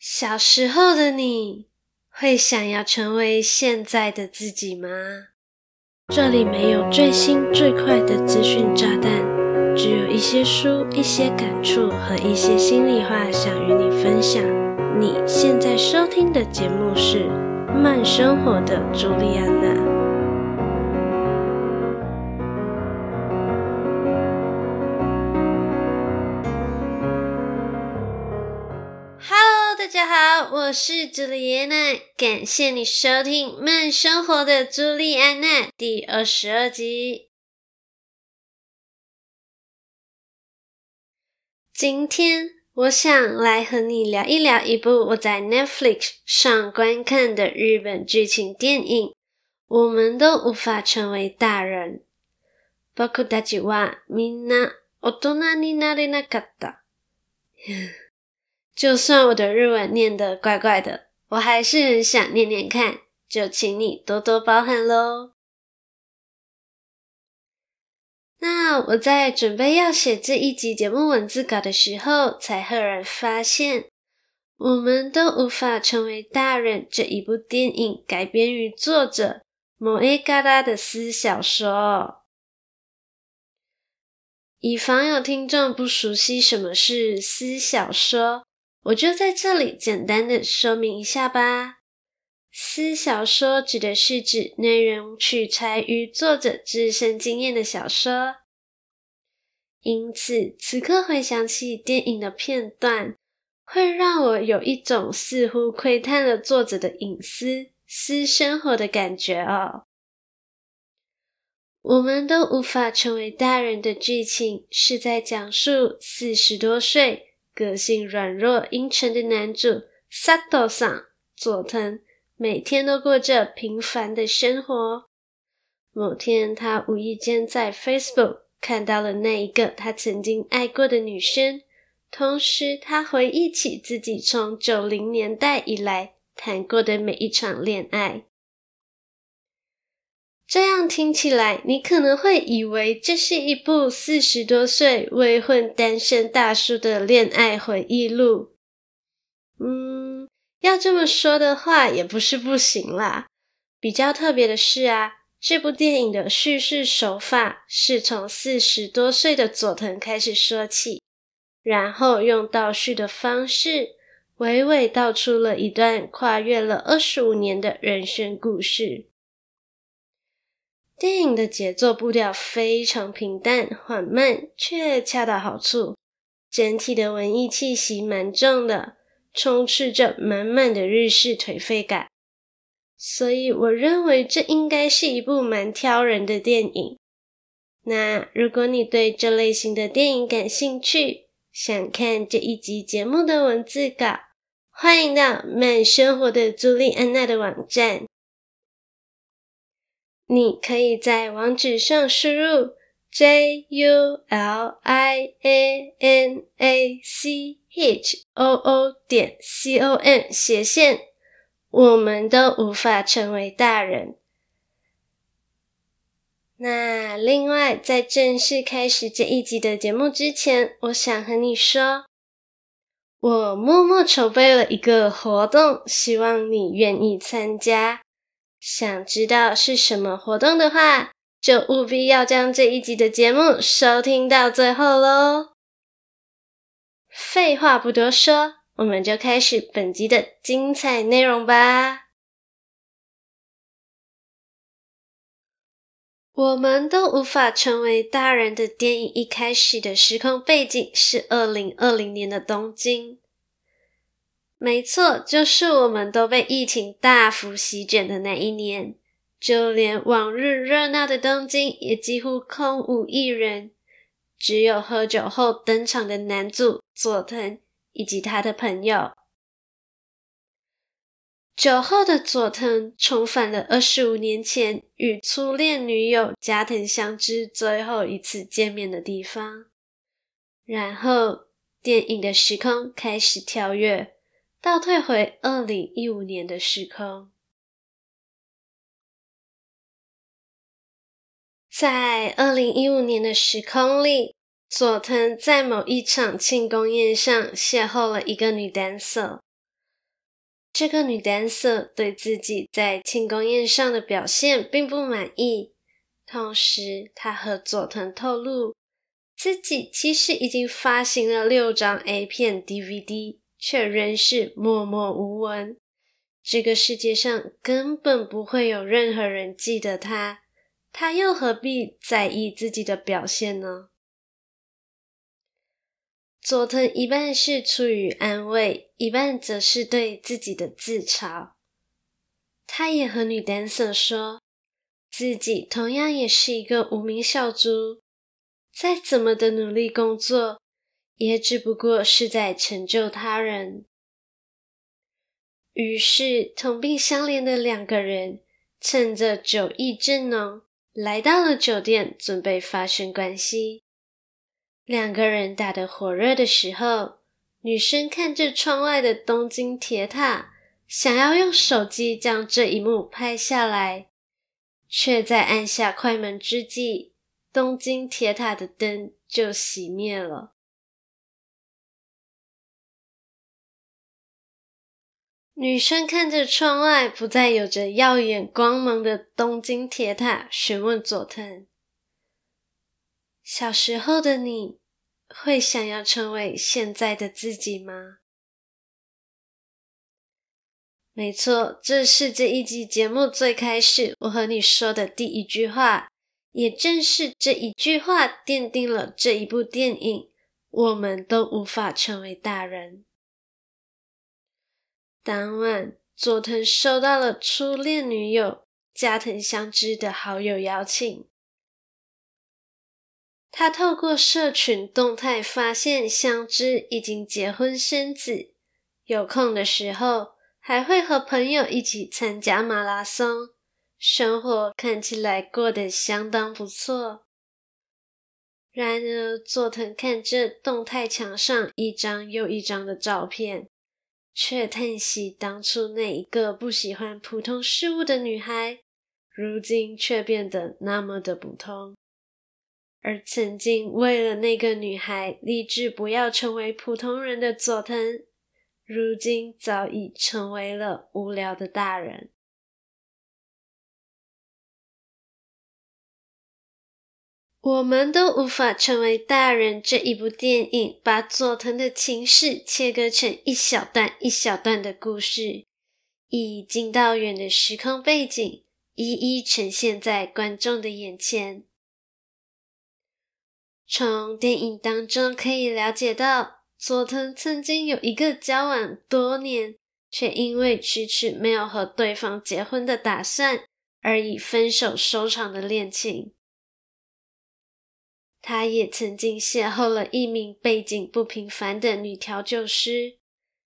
小時候的你，會想要成為現在的自己嗎？這裡沒有最新最快的資訊炸彈，只有一些書、一些感觸和一些心裡話，想與你分享。你現在收聽的節目是《慢生活的朱莉安娜》。大家好，我是朱莉安娜，感謝你收聽《慢生活的朱莉安娜》第二十二集。今天我想來和你聊一聊一部我在 Netflix 上觀看的日本劇情電影《我們都無法成為大人》，包括大家みんな大人になれなかった。就算我的日文念得怪怪的，我還是很想念念看，就請你多多包涵嘍。那我在準備要寫這一集節目文字稿的時候，才赫然發現，《我們都無法成為大人》這一部電影改編於作者燃え殻的私小說。以防有聽眾不熟悉什麼是私小說，我就在這裡簡單的說明一下吧。私小說指的是指內容取材於作者自身經驗的小說，因此此刻回想起電影的片段，會讓我有一種似乎窺探了作者的隱私私生活的感覺哦。我們都無法成為大人的劇情，是在講述四十多歲。個性軟弱、陰沉的男主 Sato 桑佐藤，每天都過着平凡的生活。某天，他無意間在 Facebook 看到了那一個他曾經愛過的女生，同時他回憶起自己從九零年代以來談過的每一場戀愛。這樣聽起來，你可能會以為這是一部四十多歲未婚單身大叔的戀愛回憶錄。嗯，要這麼說的話也不是不行啦。比較特別的是啊，這部電影的敘事手法是從四十多歲的佐藤開始說起，然後用倒敘的方式娓娓道出了一段跨越了二十五年的人生故事。電影的節奏步調非常平淡緩慢，卻恰到好處。整體的文藝氣息蠻重的，充斥着滿滿的日式頹廢感。所以我認為這應該是一部蠻挑人的電影。那如果你對這類型的電影感興趣，想看這一集節目的文字稿，歡迎到慢生活的朱莉安娜的網站。你可以在網址上輸入 julianachoo 點 com 斜線，我們都無法成為大人。那另外，在正式開始這一集的節目之前，我想和你說，我默默籌備了一個活動，希望你願意參加。想知道是什麼活動的話，就務必要將這一集的節目收聽到最後嘍。廢話不多說，我們就開始本集的精彩內容吧。我們都無法成為大人的電影，一開始的時空背景是二零二零年的東京。沒錯，就是我們都被疫情大幅席捲的那一年，就連往日熱鬧的東京也幾乎空無一人，只有喝酒後登場的男主佐藤以及他的朋友。酒後的佐藤重返了二十五年前與初戀女友加藤香織最後一次見面的地方，然後電影的時空開始跳躍。倒退回二零一五年的時空，在二零一五年的時空裡，佐藤在某一場慶功宴上邂逅了一個女 dancer。這個女 dancer 對自己在慶功宴上的表現並不滿意，同時她和佐藤透露，自己其實已經發行了六張 A 片 DVD。卻仍是默默無聞，這個世界上根本不會有任何人記得他，他又何必在意自己的表現呢？佐藤一半是出於安慰，一半則是對自己的自嘲。他也和女 dancer 說，自己同樣也是一個無名小卒，再怎麼的努力工作。也只不過是在成就他人。於是，同病相憐的兩個人趁着酒意正濃，來到了酒店準備發生關係。兩個人打得火熱的時候，女生看着窗外的東京鐵塔，想要用手機將這一幕拍下來，卻在按下快門之際，東京鐵塔的燈就熄滅了。女生看着窗外不再有着耀眼光芒的東京鐵塔，詢問佐藤：“小時候的你會想要成為現在的自己嗎？”沒錯，這是這一集節目最開始我和你說的第一句話，也正是這一句話奠定了這一部電影，我們都無法成為大人。當晚，佐藤收到了初戀女友加藤香織的好友邀請。他透過社群動態發現，香織已經結婚生子，有空的時候還會和朋友一起參加馬拉松，生活看起來過得相當不錯。然而，佐藤看着動態牆上一張又一張的照片。卻嘆息當初那一個不喜歡普通事物的女孩，如今卻變得那麼的普通。而曾經為了那個女孩立志不要成為普通人的佐藤，如今早已成為了無聊的大人。我們都無法成為大人這一部電影，把佐藤的情事切割成一小段一小段的故事，以近到遠的時空背景，一一呈現在觀眾的眼前。從電影當中可以了解到，佐藤曾經有一個交往多年，卻因為遲遲沒有和對方結婚的打算，而以分手收場的戀情。他也曾經邂逅了一名背景不平凡的女調酒師，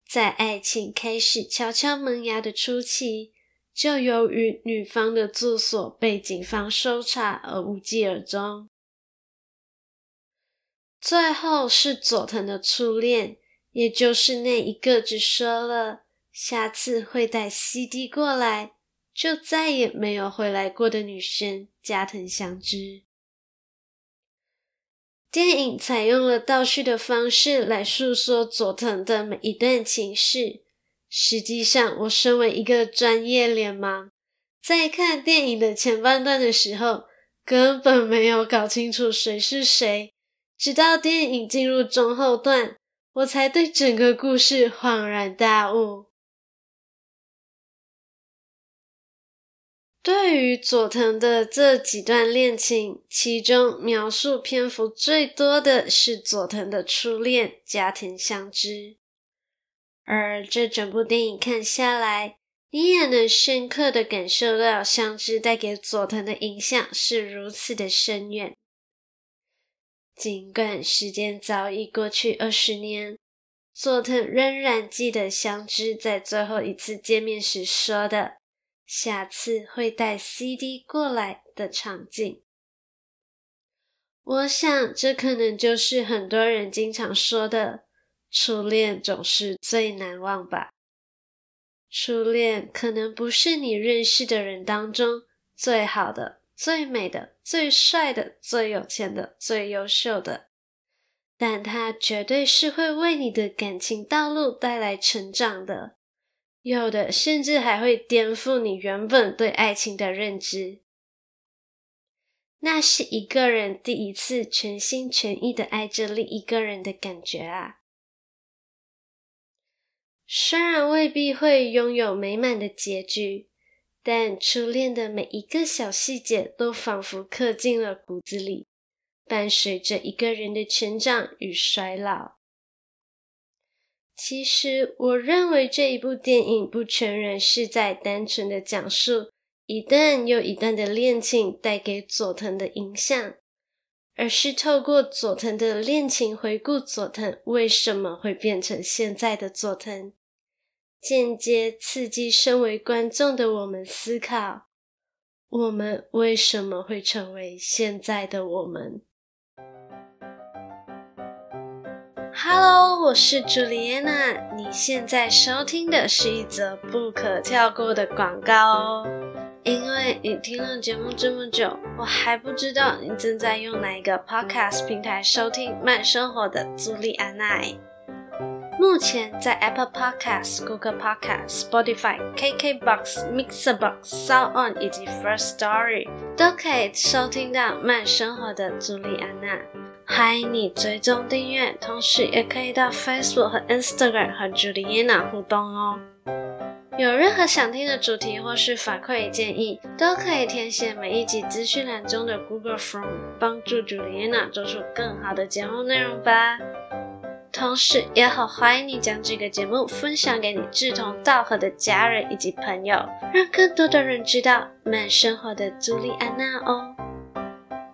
在愛情開始悄悄萌芽的初期，就由於女方的住所被警方搜查而無疾而終。最後是佐藤的初戀，也就是那一個只說了下次會帶 CD 過來，就再也沒有回來過的女生加藤香織。電影採用了倒敘的方式來訴說佐藤的每一段情事。實際上，我身為一個專業臉盲，在看電影的前半段的時候，根本沒有搞清楚誰是誰。直到電影進入中後段，我才對整個故事恍然大悟。對於佐藤的這幾段戀情，其中描述篇幅最多的是佐藤的初戀加藤香織。而這整部電影看下來，你也能深刻的感受到香織帶給佐藤的影響是如此的深遠。儘管時間早已過去二十年，佐藤仍然記得香織在最後一次見面時說的。下次會帶 CD 過來的場景，我想這可能就是很多人經常說的“初戀總是最難忘”吧。初戀可能不是你認識的人當中最好的、最美的、最帥的、最有錢的、最優秀的，但它絕對是會為你的感情道路帶來成長的。有的甚至還會顛覆你原本對愛情的認知。那是一個人第一次全心全意的愛着另一個人的感覺啊。雖然未必會擁有美滿的結局，但初戀的每一個小細節都仿佛刻進了骨子裡，伴隨着一個人的成長與衰老。其實，我認為這一部電影不全然是在單純的講述一段又一段的戀情帶給佐藤的影響，而是透過佐藤的戀情回顧佐藤為什麼會變成現在的佐藤，間接刺激身為觀眾的我們思考，我們為什麼會成為現在的我們？哈嘍，我是朱莉安娜。你現在收聽的是一則不可跳過的廣告哦，因為你聽了節目這麼久，我還不知道你正在用哪一個 Podcast 平台收聽《慢生活》的朱莉安娜。目前在 Apple Podcast、Google Podcast、Spotify、KKBox、MixerBox、SoundOn 以及 First Story 都可以收聽到《慢生活》的朱莉安娜。歡迎你追蹤訂閱，同時也可以到 Facebook 和 Instagram 和 Juliana 互動哦。有任何想聽的主題或是反饋建議，都可以填寫每一集資訊欄中的 Google Form，幫助 Juliana 做出更好的節目內容吧。同時也好歡迎你將這個節目分享給你志同道合的家人以及朋友，讓更多的人知道慢生活的 Juliana 哦。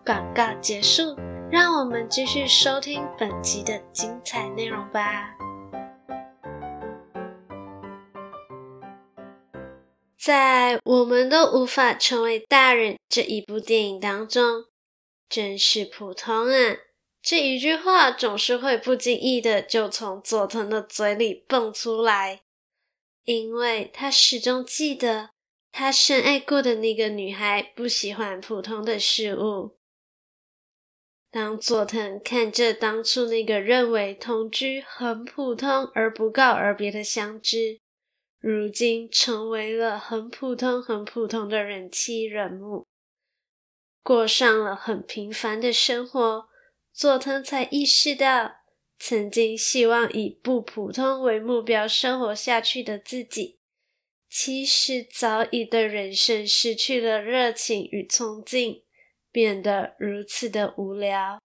廣告結束。讓我們繼續收聽本集的精彩內容吧。在《我們都無法成為大人》這一部電影當中，真是普通啊！這一句話總是會不經意的就從佐藤的嘴裡蹦出來，因為他始終記得，他深愛過的那個女孩不喜歡普通的事物。當佐藤看着當初那個認為同居很普通而不告而別的相知，如今成為了很普通、很普通的人妻人母，過上了很平凡的生活，佐藤才意識到，曾經希望以不普通為目標生活下去的自己，其實早已對人生失去了熱情與憧憬變得如此的無聊。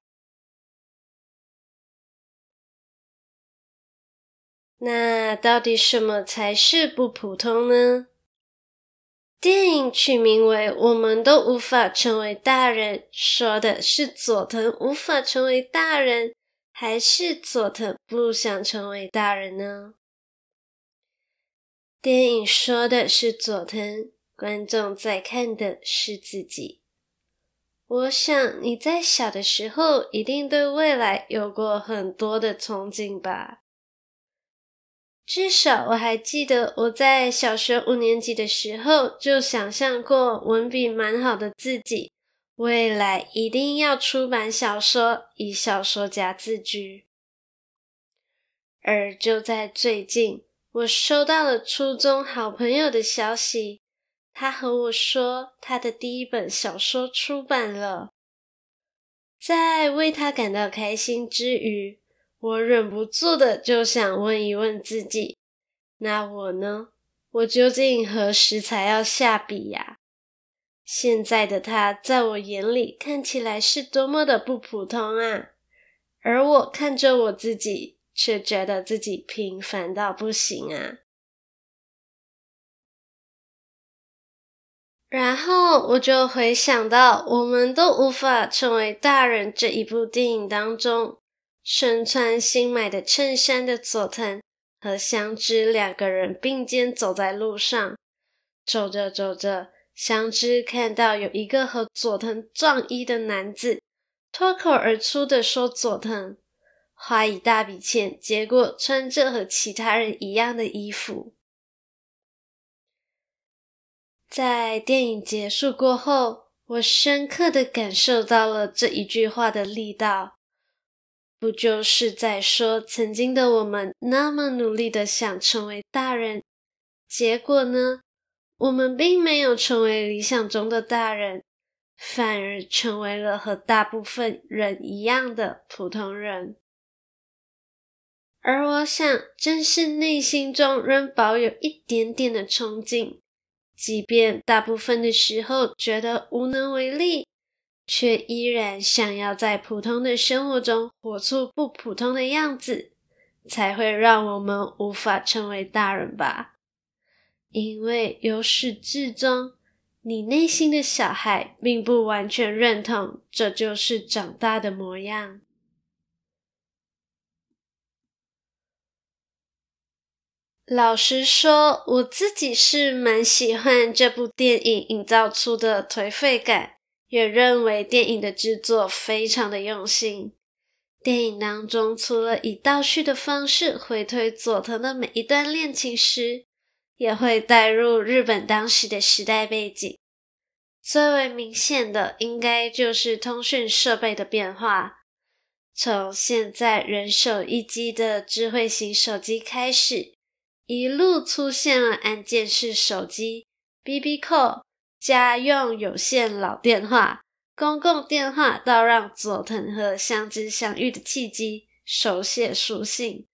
那到底什麼才是不普通呢？電影取名為《我們都無法成為大人》，說的是佐藤無法成為大人，還是佐藤不想成為大人呢？電影說的是佐藤，觀眾在看的是自己。我想你在小的時候一定對未來有過很多的憧憬吧。至少我還記得我在小學五年級的時候就想象過文筆蠻好的自己，未來一定要出版小說，以小說家自居。而就在最近，我收到了初中好朋友的消息。他和我說，他的第一本小說出版了。在為他感到開心之餘，我忍不住的就想問一問自己：那我呢？我究竟何時才要下筆呀？現在的他，在我眼裡看起來是多麼的不普通啊，而我看着我自己，却覺得自己平凡到不行啊。然後我就回想到《我們都無法成為大人》這一部電影當中，身穿新買的襯衫的佐藤和香織兩個人並肩走在路上，走着走着，香織看到有一個和佐藤撞衣的男子，脫口而出的說：“佐藤花一大筆錢，結果穿着和其他人一樣的衣服。”在電影結束過後，我深刻的感受到了這一句話的力道。不就是在說，曾經的我們那麼努力的想成為大人，結果呢，我們並沒有成為理想中的大人，反而成為了和大部分人一樣的普通人。而我想，正是內心中仍保有一點點的憧憬。即便大部分的時候覺得無能為力，卻依然想要在普通的生活中活出不普通的樣子，才會讓我們無法成為大人吧？因為由始至終，你內心的小孩並不完全認同這就是長大的模樣。老實說，我自己是蠻喜歡這部電影營造出的頹廢感，也認為電影的制作非常的用心。電影當中，除了以倒敘的方式回推佐藤的每一段戀情時，也會帶入日本當時的時代背景。最為明顯的，應該就是通訊設備的變化，從現在人手一機的智慧型手機開始。一路出現了按鍵式手機、BB call、家用有線老電話、公共電話，到讓佐藤和香織相遇的契機、手寫書信，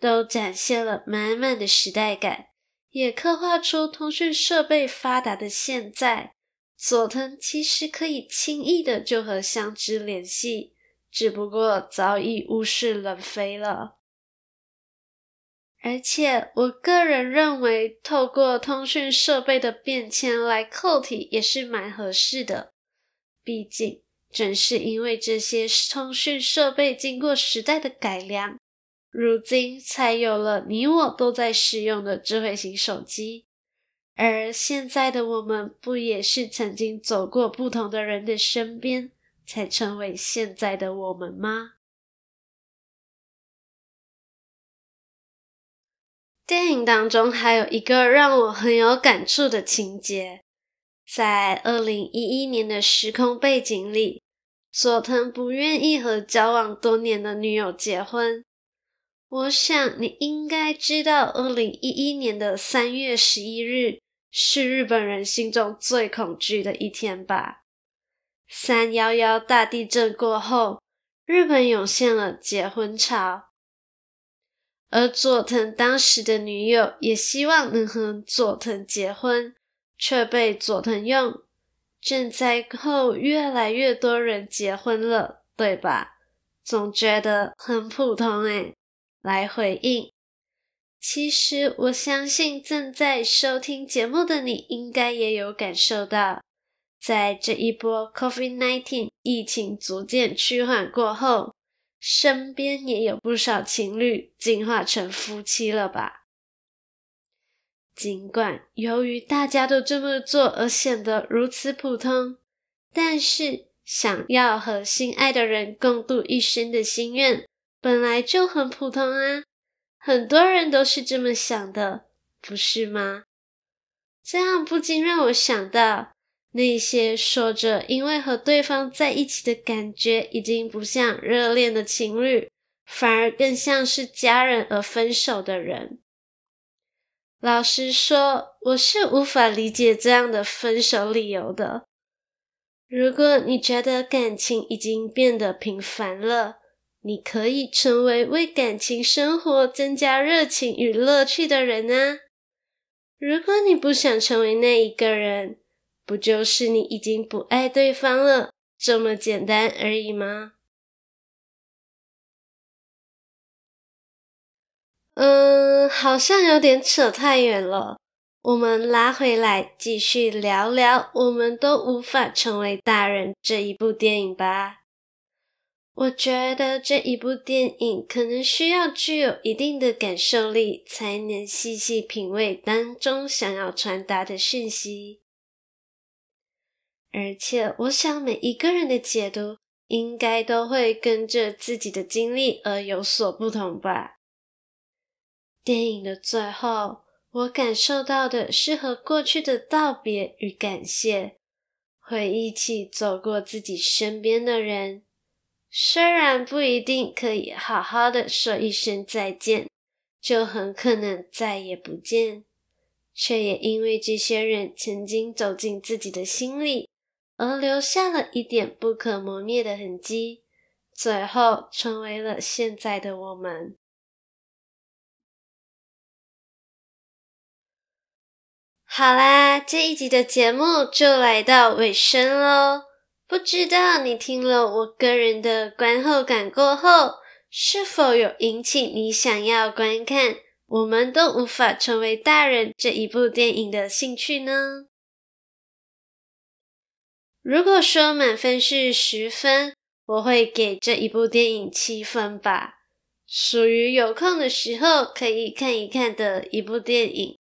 都展現了滿滿的時代感，也刻畫出通訊設備發達的現在。佐藤其實可以輕易的就和香織聯繫，只不過早已物是人非了。而且，我個人認為，透過通訊設備的變遷來扣題也是蠻合適的。畢竟，正是因為這些通訊設備經過時代的改良，如今才有了你我都在使用的智慧型手機。而現在的我們，不也是曾經走過不同的人的身邊，才成為現在的我們嗎？電影當中還有一個讓我很有感觸的情節，在二零一一年的時空背景裡，佐藤不願意和交往多年的女友結婚。我想你應該知道，二零一一年的三月十一日是日本人心中最恐懼的一天吧？三一一大地震過後，日本湧現了結婚潮。而佐藤當時的女友也希望能和佐藤結婚，卻被佐藤用“正在後越來越多人結婚了，對吧？”總覺得很普通哎、欸。來回應，其實我相信正在收聽節目的你應該也有感受到，在這一波 COVID-19 疫情逐漸趨緩過後。身邊也有不少情侶進化成夫妻了吧？儘管由於大家都這麼做而顯得如此普通，但是想要和心愛的人共度一生的心願本來就很普通啊，很多人都是這麼想的，不是嗎？這樣不禁讓我想到。那些說着因為和對方在一起的感覺已經不像熱戀的情侶，反而更像是家人而分手的人，老實說，我是無法理解這樣的分手理由的。如果你覺得感情已經變得平凡了，你可以成為為感情生活增加熱情與樂趣的人啊。如果你不想成為那一個人。不就是你已經不愛對方了，這麼簡單而已嗎？嗯，好像有點扯太遠了。我們拉回來繼續聊聊《我們都無法成為大人》這一部電影吧。我覺得這一部電影可能需要具有一定的感受力，才能細細品味當中想要傳達的訊息。而且，我想每一個人的解讀應該都會跟着自己的經歷而有所不同吧。電影的最後，我感受到的是和過去的道別與感謝，回憶起走過自己身邊的人，雖然不一定可以好好的說一聲再見，就很可能再也不見，卻也因為這些人曾經走進自己的心裡。而留下了一點不可磨滅的痕跡，最後成為了現在的我們。好啦，這一集的節目就來到尾聲嘍。不知道你聽了我個人的觀後感過後，是否有引起你想要觀看《我們都無法成為大人》這一部電影的興趣呢？如果說滿分是十分，我會給這一部電影七分吧。屬於有空的時候可以看一看的一部電影。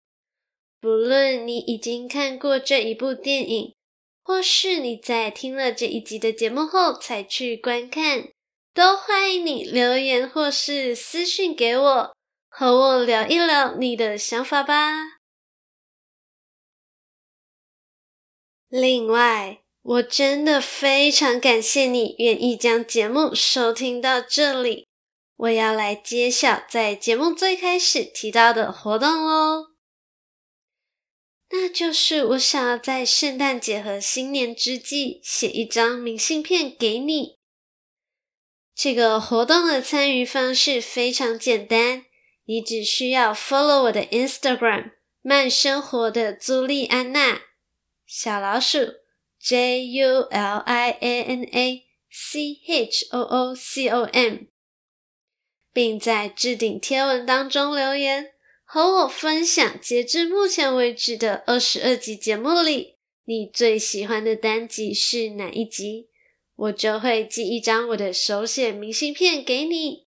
不論你已經看過這一部電影，或是你在聽了這一集的節目後才去觀看，都歡迎你留言或是私訊給我，和我聊一聊你的想法吧。另外，我真的非常感謝你願意將節目收聽到這裡。我要來揭曉在節目最開始提到的活動囉，那就是我想要在聖誕節和新年之際寫一張明信片給你。這個活動的參與方式非常簡單，你只需要 follow 我的 Instagram“ 慢生活的朱莉安娜小老鼠”。julianachoo.com，並在置頂貼文當中留言，和我分享截至目前為止的二十二集節目裡，你最喜歡的單集是哪一集？我就會寄一張我的手寫明信片給你。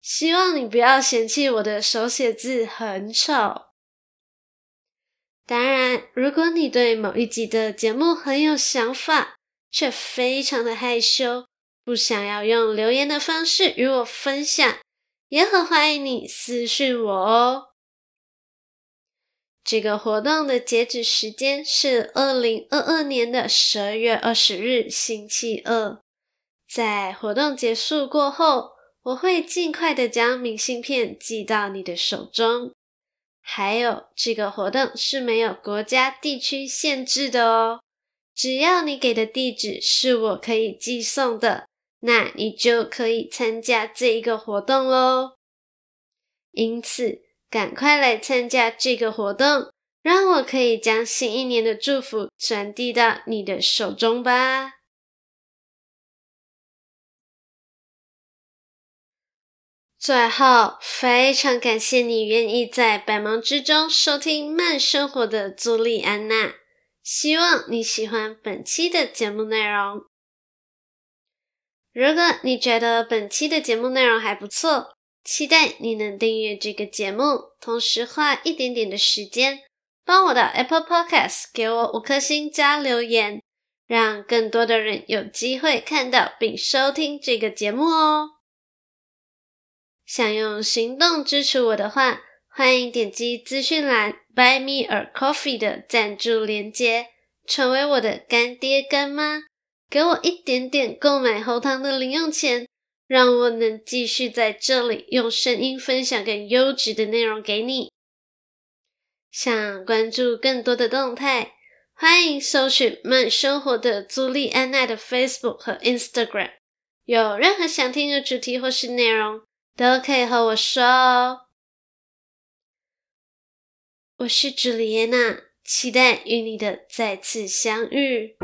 希望你不要嫌棄我的手寫字很醜。當然，如果你對某一集的節目很有想法，卻非常的害羞，不想要用留言的方式與我分享，也很歡迎你私訊我哦。這個活動的截止時間是二零二二年的十二月二十日星期二，在活動結束過後，我會儘快的將明信片寄到你的手中。還有，這個活動是沒有國家地區限製的哦。只要你給的地址是我可以寄送的，那你就可以參加這一個活動嘍。因此，趕快來參加這個活動，讓我可以將新一年的祝福傳遞到你的手中吧。最後，非常感謝你願意在百忙之中收聽《慢生活》的朱莉安娜。希望你喜歡本期的節目內容。如果你覺得本期的節目內容還不錯，期待你能訂閱這個節目，同時花一點點的時間，幫我到 Apple Podcast 給我五顆星加留言，讓更多的人有機會看到並收聽這個節目哦。想用行動支持我的話，歡迎點擊資訊欄 “Buy Me a Coffee” 的贊助鏈接，成為我的乾爹乾媽，給我一點點購買喉糖的零用錢，讓我能繼續在這裡用聲音分享更優質的內容給你。想關注更多的動態，歡迎搜尋慢生活的朱莉安娜的 Facebook 和 Instagram。有任何想聽的主題或是內容，都可以和我說哦，我是茱莉安娜，期待與你的再次相遇。